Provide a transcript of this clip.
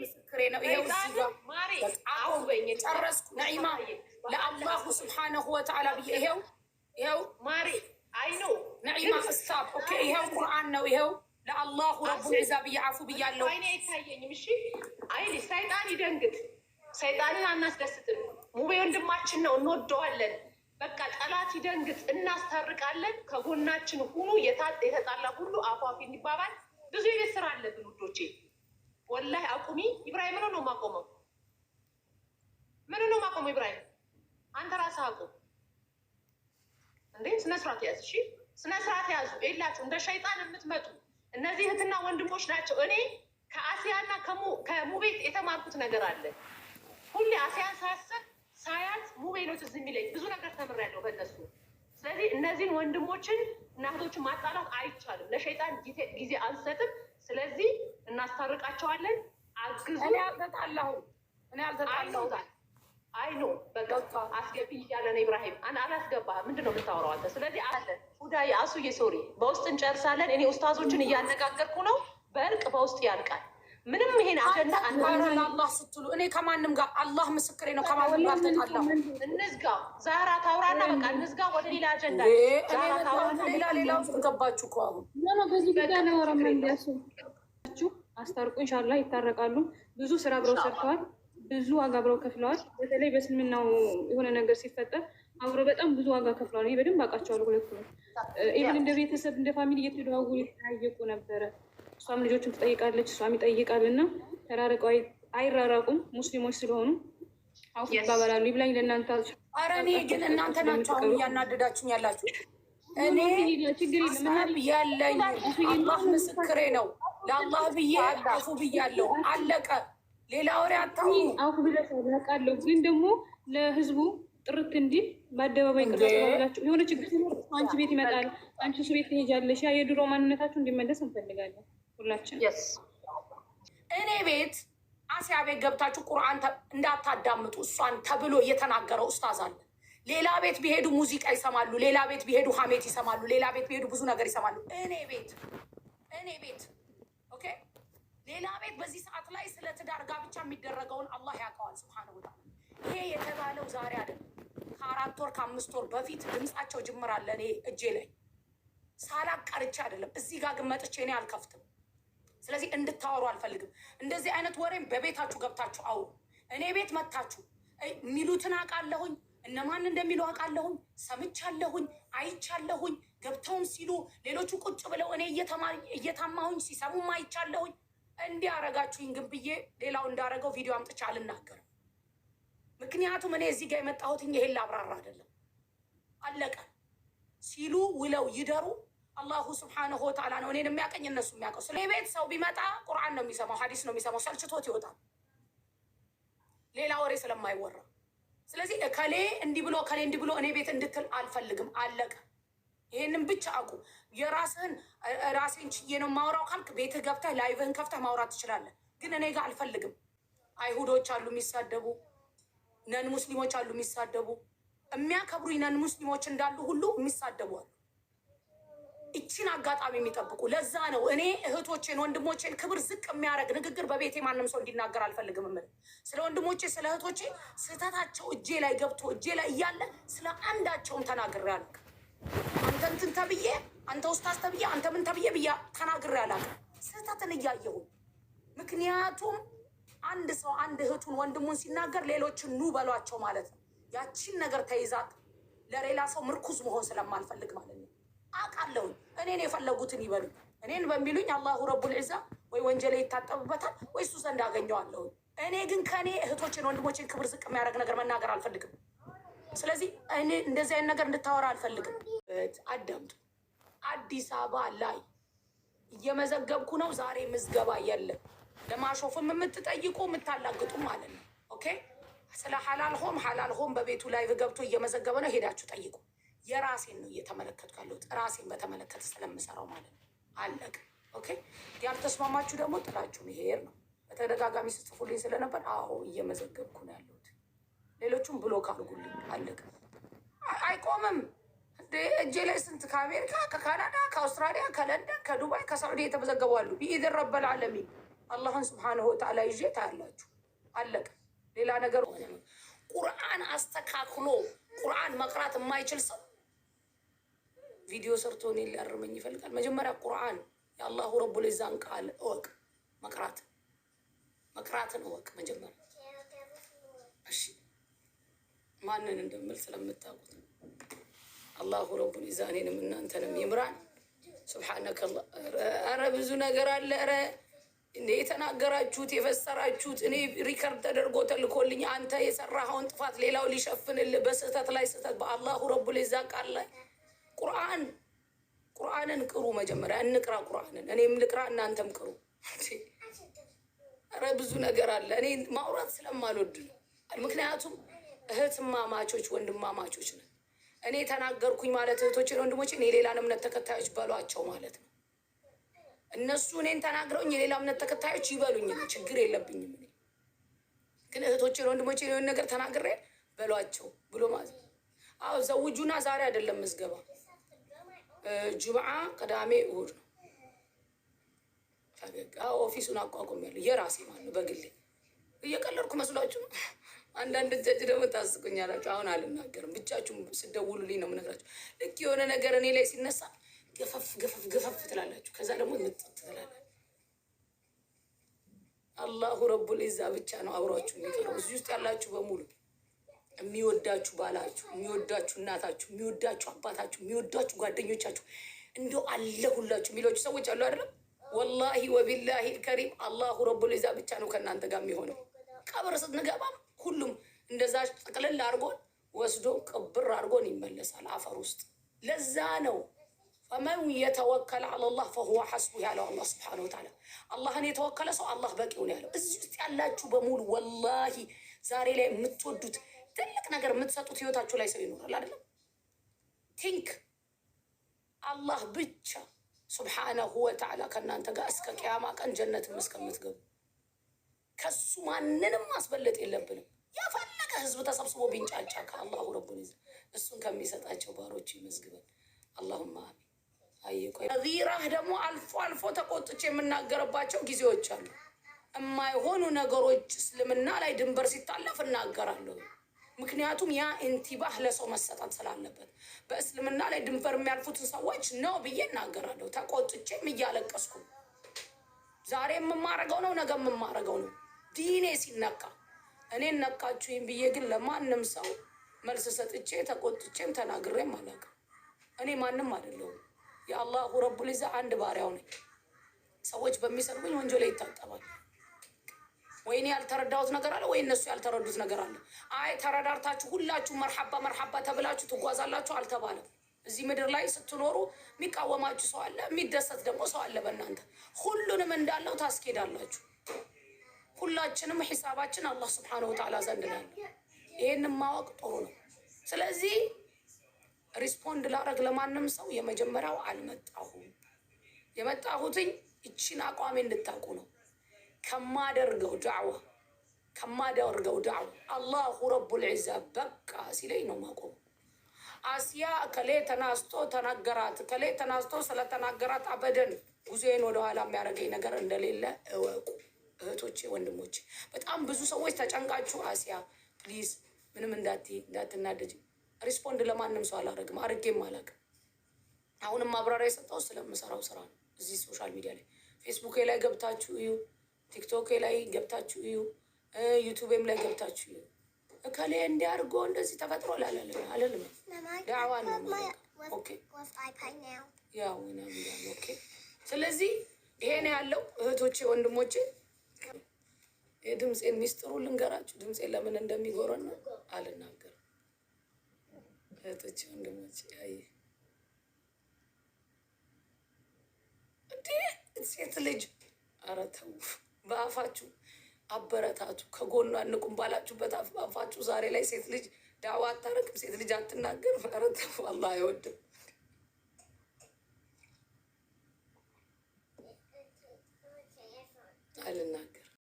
ምስክሬ ነው። ይሄው ጨረስኩ። ነዒማ ለአላሁ ስብሓነሁ ወተዓላ ብዬ ይሄው ይሄው ነዒማ እስታብ ኦኬ። ይሄው ቁርአን ነው። ይሄው ለአላሁ ረቡል ዒዛ ብዬ አፉ ብያለሁ። አይታየኝም። እሺ አይል ሰይጣን ይደንግጥ። ሰይጣንን አናስደስትም። ሙቤ ወንድማችን ነው፣ እንወደዋለን። በቃ ጠላት ይደንግጥ፣ እናስታርቃለን። ከጎናችን ሁኑ። የተጣላ ሁሉ አፏፊ እንዲባባል ብዙ የቤት ስራ አለብን ውዶቼ። ወላሂ አቁሚ። ኢብራሂም ምን ነው የማቆመው? ምን ነው የማቆመው? ኢብራሂም አንተ ራስህ አቁም እንዴ! ስነስርዓት ያዝ። እሺ ስነስርዓት ያዙ። የላችሁ እንደ ሸይጣን የምትመጡ እነዚህ እህትና ወንድሞች ናቸው። እኔ ከአሲያና ከሙቤት የተማርኩት ነገር አለ። ሁሌ አሲያን ሳያሰብ ሳያት ሙቤ ነው ትዝ የሚለኝ። ብዙ ነገር ተምሬያለሁ በእነሱ ስለዚህ እነዚህን ወንድሞችን እናቶችን ማጣላት አይቻልም። ለሸይጣን ጊዜ አንሰጥም። ስለዚህ እናስታርቃቸዋለን። አግዙ። እኔ አልተጣላሁም። እኔ አልተጣላሁም። አይ ኖ በቃ አስገቢ እያለ ነው ኢብራሂም። አላስገባ ምንድን ነው የምታወራው አንተ? ስለዚህ አለ ሁዳ የአሱ የሶሪ በውስጥ እንጨርሳለን። እኔ ኡስታዞችን እያነጋገርኩ ነው። በእርቅ በውስጥ ያልቃል። ምንም ይሄን አጀንዳ አላህ ስትሉ እኔ ከማንም ጋር አላህ ምስክሬ ነው። ከማንም ጋር ተጣላሁ። እንዝጋ። ዛራ ታውራና በቃ እንዝጋ። ወደ ሌላ አጀንዳ ሌላ ሌላ ውስጥ ገባችሁ እኮ አሁን በዚህ ጉዳይ ነው ረመንዲያሱ አስታርቁ። ኢንሻላህ ይታረቃሉ። ብዙ ስራ አብረው ሰርተዋል። ብዙ ዋጋ አብረው ከፍለዋል። በተለይ በእስልምናው የሆነ ነገር ሲፈጠር አብረው በጣም ብዙ ዋጋ ከፍለዋል። ይሄ በደንብ አውቃቸዋለሁ ሁለቱ ነው። ኢቨን እንደ ቤተሰብ እንደ ፋሚሊ እየተደዋወሉ የተጠያየቁ ነበረ እሷም ልጆቹን ትጠይቃለች፣ እሷም ይጠይቃል እና ተራርቀው አይራራቁም። ሙስሊሞች ስለሆኑ አውፍ ይባባላሉ። ይብላኝ ለእናንተ። ኧረ እኔ ግን እናንተ ናቸው አሁን እያናደዳችሁኝ ያላችሁ። እኔ ሀሳብ ያለኝ አላህ ምስክሬ ነው። ለአላህ ብዬ አፉ ብያለሁ። አለቀ። ሌላ ወሬ አታሁ አሁ ብለቃለሁ። ግን ደግሞ ለህዝቡ ጥርት እንዲህ በአደባባይ ቅርጽ የሆነ ችግር ሲኖር አንቺ ቤት ይመጣል፣ አንቺ እሱ ቤት ትሄጃለሽ። ያ የድሮ ማንነታችሁ እንዲመለስ እንፈልጋለን። ሁላችን እኔ ቤት አሲያ ቤት ገብታችሁ ቁርአን እንዳታዳምጡ እሷን ተብሎ እየተናገረው ኡስታዝ አለ። ሌላ ቤት ቢሄዱ ሙዚቃ ይሰማሉ። ሌላ ቤት ቢሄዱ ሀሜት ይሰማሉ። ሌላ ቤት ቢሄዱ ብዙ ነገር ይሰማሉ። እኔ ቤት እኔ ቤት ኦኬ፣ ሌላ ቤት በዚህ ሰዓት ላይ ስለ ትዳር ጋብቻ የሚደረገውን አላህ ያውቀዋል ስብሐነሁ ወተዓላ። ይሄ የተባለው ዛሬ አይደለም። ከአራት ወር ከአምስት ወር በፊት ድምፃቸው ጅምር አለ እኔ እጄ ላይ ሳላቅ ቀርቼ አይደለም። እዚህ ጋር ግን መጥቼ እኔ አልከፍትም ስለዚህ እንድታወሩ አልፈልግም። እንደዚህ አይነት ወሬም በቤታችሁ ገብታችሁ አውሩ። እኔ ቤት መታችሁ የሚሉትን አውቃለሁኝ፣ እነማን እንደሚሉ አውቃለሁኝ፣ ሰምቻለሁኝ፣ አይቻለሁኝ። ገብተውም ሲሉ ሌሎቹ ቁጭ ብለው እኔ እየታማሁኝ ሲሰሙም አይቻለሁኝ። እንዲህ አረጋችሁኝ ግን ብዬ ሌላው እንዳረገው ቪዲዮ አምጥቼ አልናገርም። ምክንያቱም እኔ እዚህ ጋር የመጣሁት ይሄን ላብራራ አይደለም። አለቀ ሲሉ ውለው ይደሩ። አላሁ ስብሓነሁ ወተዓላ ነው እኔን የሚያቀኝ እነሱ የሚያውቀው። ስለ ቤት ሰው ቢመጣ ቁርአን ነው የሚሰማው፣ ሀዲስ ነው የሚሰማው። ሰልችቶት ይወጣል፣ ሌላ ወሬ ስለማይወራ። ስለዚህ ከሌ እንዲህ ብሎ ከሌ እንዲህ ብሎ እኔ ቤት እንድትል አልፈልግም። አለቀ። ይህንም ብቻ አቁ። የራስህን ራሴን ችዬ ነው ማውራው ካልክ ቤትህ ገብተህ ላይቭህን ከፍተህ ማውራት ትችላለህ። ግን እኔ ጋር አልፈልግም። አይሁዶች አሉ የሚሳደቡ፣ ነን ሙስሊሞች አሉ የሚሳደቡ፣ የሚያከብሩኝ ነን ሙስሊሞች እንዳሉ ሁሉ የሚሳደቡ አሉ። ይችን አጋጣሚ የሚጠብቁ ለዛ ነው እኔ እህቶቼን ወንድሞቼን ክብር ዝቅ የሚያደርግ ንግግር በቤቴ ማንም ሰው እንዲናገር አልፈልግም። ምል ስለ ወንድሞቼ ስለ እህቶቼ ስህተታቸው እጄ ላይ ገብቶ እጄ ላይ እያለ ስለ አንዳቸውም ተናግሬ አላውቅም። አንተ እንትን ተብዬ አንተ ውስታስ ተብዬ አንተ ምን ተብዬ ብያ ተናግሬ አላውቅም። ስህተትን እያየሁ ምክንያቱም አንድ ሰው አንድ እህቱን ወንድሙን ሲናገር ሌሎችን ኑ በሏቸው ማለት ነው። ያቺን ነገር ተይዛት ለሌላ ሰው ምርኩዝ መሆን ስለማልፈልግ ማለት ነው። አውቃለሁ። እኔን የፈለጉትን ይበሉ። እኔን በሚሉኝ አላሁ ረቡል ዒዛ ወይ ወንጀሌ ይታጠብበታል ወይ እሱ ዘንድ አገኘዋለሁ። እኔ ግን ከእኔ እህቶችን ወንድሞችን ክብር ዝቅ የሚያደርግ ነገር መናገር አልፈልግም። ስለዚህ እኔ እንደዚህ አይነት ነገር እንድታወራ አልፈልግም። አዳምጡ። አዲስ አበባ ላይ እየመዘገብኩ ነው። ዛሬ ምዝገባ የለም። ለማሾፍም የምትጠይቁ የምታላግጡ ማለት ነው። ኦኬ ስለ ሀላል ሆም ሀላል ሆም በቤቱ ላይ ገብቶ እየመዘገበ ነው። ሄዳችሁ ጠይቁ። የራሴን ነው እየተመለከትኩ ያለሁት ራሴን በተመለከተ ስለምሰራው ማለት ነው። አለቅ ኦኬ። ያልተስማማችሁ ደግሞ ጥላችሁ መሄድ ነው። በተደጋጋሚ ስጽፉልኝ ስለነበር አዎ እየመዘገብኩ ነው ያለሁት። ሌሎቹም ብሎክ አድርጉልኝ። አለቅ አይቆምም። እጄ ላይ ስንት ከአሜሪካ፣ ከካናዳ፣ ከአውስትራሊያ፣ ከለንደን፣ ከዱባይ፣ ከሳዑዲ የተመዘገቡ አሉ። ቢኢድ ረበል ዓለሚን አላህን ስብሓነሁ ወተዓላ ይዤ ታያላችሁ። አለቅ ሌላ ነገር ቁርአን አስተካክሎ ቁርአን መቅራት የማይችል ሰው ቪዲዮ ሰርቶ እኔን ሊያርመኝ ይፈልጋል። መጀመሪያ ቁርአን የአላሁ ረቡል ዒዛን ቃል እወቅ፣ መቅራት መቅራትን እወቅ መጀመሪያ። እሺ ማንን እንደምል ስለምታውቁት አላሁ ረቡል ዒዛ እኔንም እናንተንም ይምራን። ስብሓነከ ረ ብዙ ነገር አለ ረ የተናገራችሁት የፈሰራችሁት፣ እኔ ሪከርድ ተደርጎ ተልኮልኝ አንተ የሰራኸውን ጥፋት ሌላው ሊሸፍንልህ በስህተት ላይ ስህተት በአላሁ ረቡል ዒዛ ቃል ላይ ቁርአን ቁርአንን ቅሩ። መጀመሪያ እንቅራ ቁርአንን። እኔም ልቅራ፣ እናንተም ቅሩ። ኧረ ብዙ ነገር አለ። እኔ ማውራት ስለማልወድ ነው። ምክንያቱም እህትማማቾች ወንድማማቾች ነን። እኔ ተናገርኩኝ ማለት እህቶችን ወንድሞች፣ እኔ ሌላን እምነት ተከታዮች በሏቸው ማለት ነው። እነሱ እኔን ተናግረውኝ የሌላ እምነት ተከታዮች ይበሉኝ ነው፣ ችግር የለብኝም። እኔ ግን እህቶችን ወንድሞች የሆን ነገር ተናግሬ በሏቸው ብሎ ማለት ነው። አዎ ዘውጁና ዛሬ አይደለም ምዝገባ ጁምዓ፣ ቅዳሜ፣ እሁድ ነው። ፈገግ ኦፊሱን አቋቁም ያለ የራሴ ማለት ነው በግሌ እየቀለድኩ መስሏችሁ ነው። አንዳንድ እጃችሁ ደግሞ ታስቁኛላችሁ። አሁን አልናገርም፣ ብቻችሁ ስደውሉልኝ ነው የምነግራችሁ። ልክ የሆነ ነገር እኔ ላይ ሲነሳ ገፈፍ ገፈፍ ገፈፍ ትላላችሁ፣ ከዛ ደግሞ ምጥጥ ትላላችሁ። አላሁ ረቡል ኢዛ ብቻ ነው አብሯችሁ የሚቀረው እዚህ ውስጥ ያላችሁ በሙሉ የሚወዳችሁ ባላችሁ፣ የሚወዳችሁ እናታችሁ፣ የሚወዳችሁ አባታችሁ፣ የሚወዳችሁ ጓደኞቻችሁ እንደው አለሁላችሁ የሚሏችሁ ሰዎች አሉ አይደለም? ወላሂ ወቢላሂ ከሪም አላሁ ረቡል ዒዛ ብቻ ነው ከእናንተ ጋር የሚሆነው። ቀብር ስንገባም ሁሉም እንደዛ ጠቅልል አድርጎን ወስዶ ቅብር አድርጎን ይመለሳል አፈር ውስጥ። ለዛ ነው ፈመን የተወከለ አላላህ ፈሁወ ሐስቡ ያለው አላህ ስብሐነሁ ወተዓላ። አላህን የተወከለ ሰው አላህ በቂው ነው ያለው። እዚህ ውስጥ ያላችሁ በሙሉ ወላሂ ዛሬ ላይ የምትወዱት ትልቅ ነገር የምትሰጡት ህይወታችሁ ላይ ሰው ይኖራል አይደለም። ቲንክ አላህ ብቻ ሱብሓነሁ ወተዓላ ከእናንተ ጋር እስከ ቅያማ ቀን ጀነትም እስከምትገቡ ከሱ ማንንም ማስበለጥ የለብንም። የፈለገ ህዝብ ተሰብስቦ ቢንጫጫ ከአላሁ ረቡን ይዘ እሱን ከሚሰጣቸው ባሮች ይመዝግበን። አላሁማ አሚን። ዚራህ ደግሞ አልፎ አልፎ ተቆጥቼ የምናገርባቸው ጊዜዎች አሉ። የማይሆኑ ነገሮች እስልምና ላይ ድንበር ሲታለፍ እናገራለሁ። ምክንያቱም ያ ኢንቲባህ ለሰው መሰጠት ስላለበት በእስልምና ላይ ድንበር የሚያልፉትን ሰዎች ነው ብዬ እናገራለሁ። ተቆጥቼም እያለቀስኩ ዛሬ የምማረገው ነው፣ ነገ የምማረገው ነው። ዲኔ ሲነካ እኔ ነካችሁኝ ብዬ ግን ለማንም ሰው መልስ ሰጥቼ ተቆጥቼም ተናግሬም አላውቅም። እኔ ማንም አይደለሁም። የአላሁ ረቡል አንድ ባሪያው ነኝ። ሰዎች ወንጆ ወንጀሌ ይታጠባል። ወይ እኔ ያልተረዳሁት ነገር አለ ወይ እነሱ ያልተረዱት ነገር አለ። አይ ተረዳርታችሁ ሁላችሁ መርሓባ መርሓባ ተብላችሁ ትጓዛላችሁ አልተባለም። እዚህ ምድር ላይ ስትኖሩ የሚቃወማችሁ ሰው አለ፣ የሚደሰት ደግሞ ሰው አለ በእናንተ። ሁሉንም እንዳለው ታስኬዳላችሁ። ሁላችንም ሂሳባችን አላህ ስብሐነሁ ወተዓላ ዘንድ ነው። ይህን ማወቅ ጥሩ ነው። ስለዚህ ሪስፖንድ ላረግ ለማንም ሰው የመጀመሪያው አልመጣሁም። የመጣሁትኝ እቺን አቋሜ እንድታውቁ ነው። ከማደርገው ዳዕዋ ከማደርገው ዳዕዋ አላሁ ረቡል ዒዛ በቃ ሲለኝ ነው ማቆም። አስያ ከሌ ተናስቶ ተናገራት ከሌ ተናስቶ ስለተናገራት አበደን ጉዜን ወደኋላ የሚያደርገኝ ነገር እንደሌለ እወቁ እህቶቼ፣ ወንድሞቼ። በጣም ብዙ ሰዎች ተጨንቃችሁ አስያ ፕሊዝ ምንም እንዳት እንዳትናደጅ ሪስፖንድ ለማንም ሰው አላደርግም፣ አድርጌም አላውቅም። አሁንም ማብራሪያ የሰጠው ስለምሰራው ስራ ነው። እዚህ ሶሻል ሚዲያ ላይ ፌስቡኬ ላይ ገብታችሁ እዩ። ቲክቶክ ላይ ገብታችሁ እዩ፣ ዩቱቤም ላይ ገብታችሁ እዩ። እከሌ እንዲያርጎ እንደዚህ ተፈጥሮ ላላለ አለልም ዳዋ ነው። ያው ኦኬ። ስለዚህ ይሄን ያለው እህቶቼ ወንድሞቼ። የድምፄን ሚስጥሩ ልንገራችሁ። ድምፄን ለምን እንደሚጎረን አልናገርም። እህቶቼ ወንድሞቼ ያየ እንዴ ሴት ልጅ አረ ተው በአፋችሁ አበረታቱ፣ ከጎኑ አንቁም ባላችሁበት በአፋችሁ። ዛሬ ላይ ሴት ልጅ ዳዋ አታረቅም፣ ሴት ልጅ አትናገር። ፈረተፉ አላህ አይወድም። አልና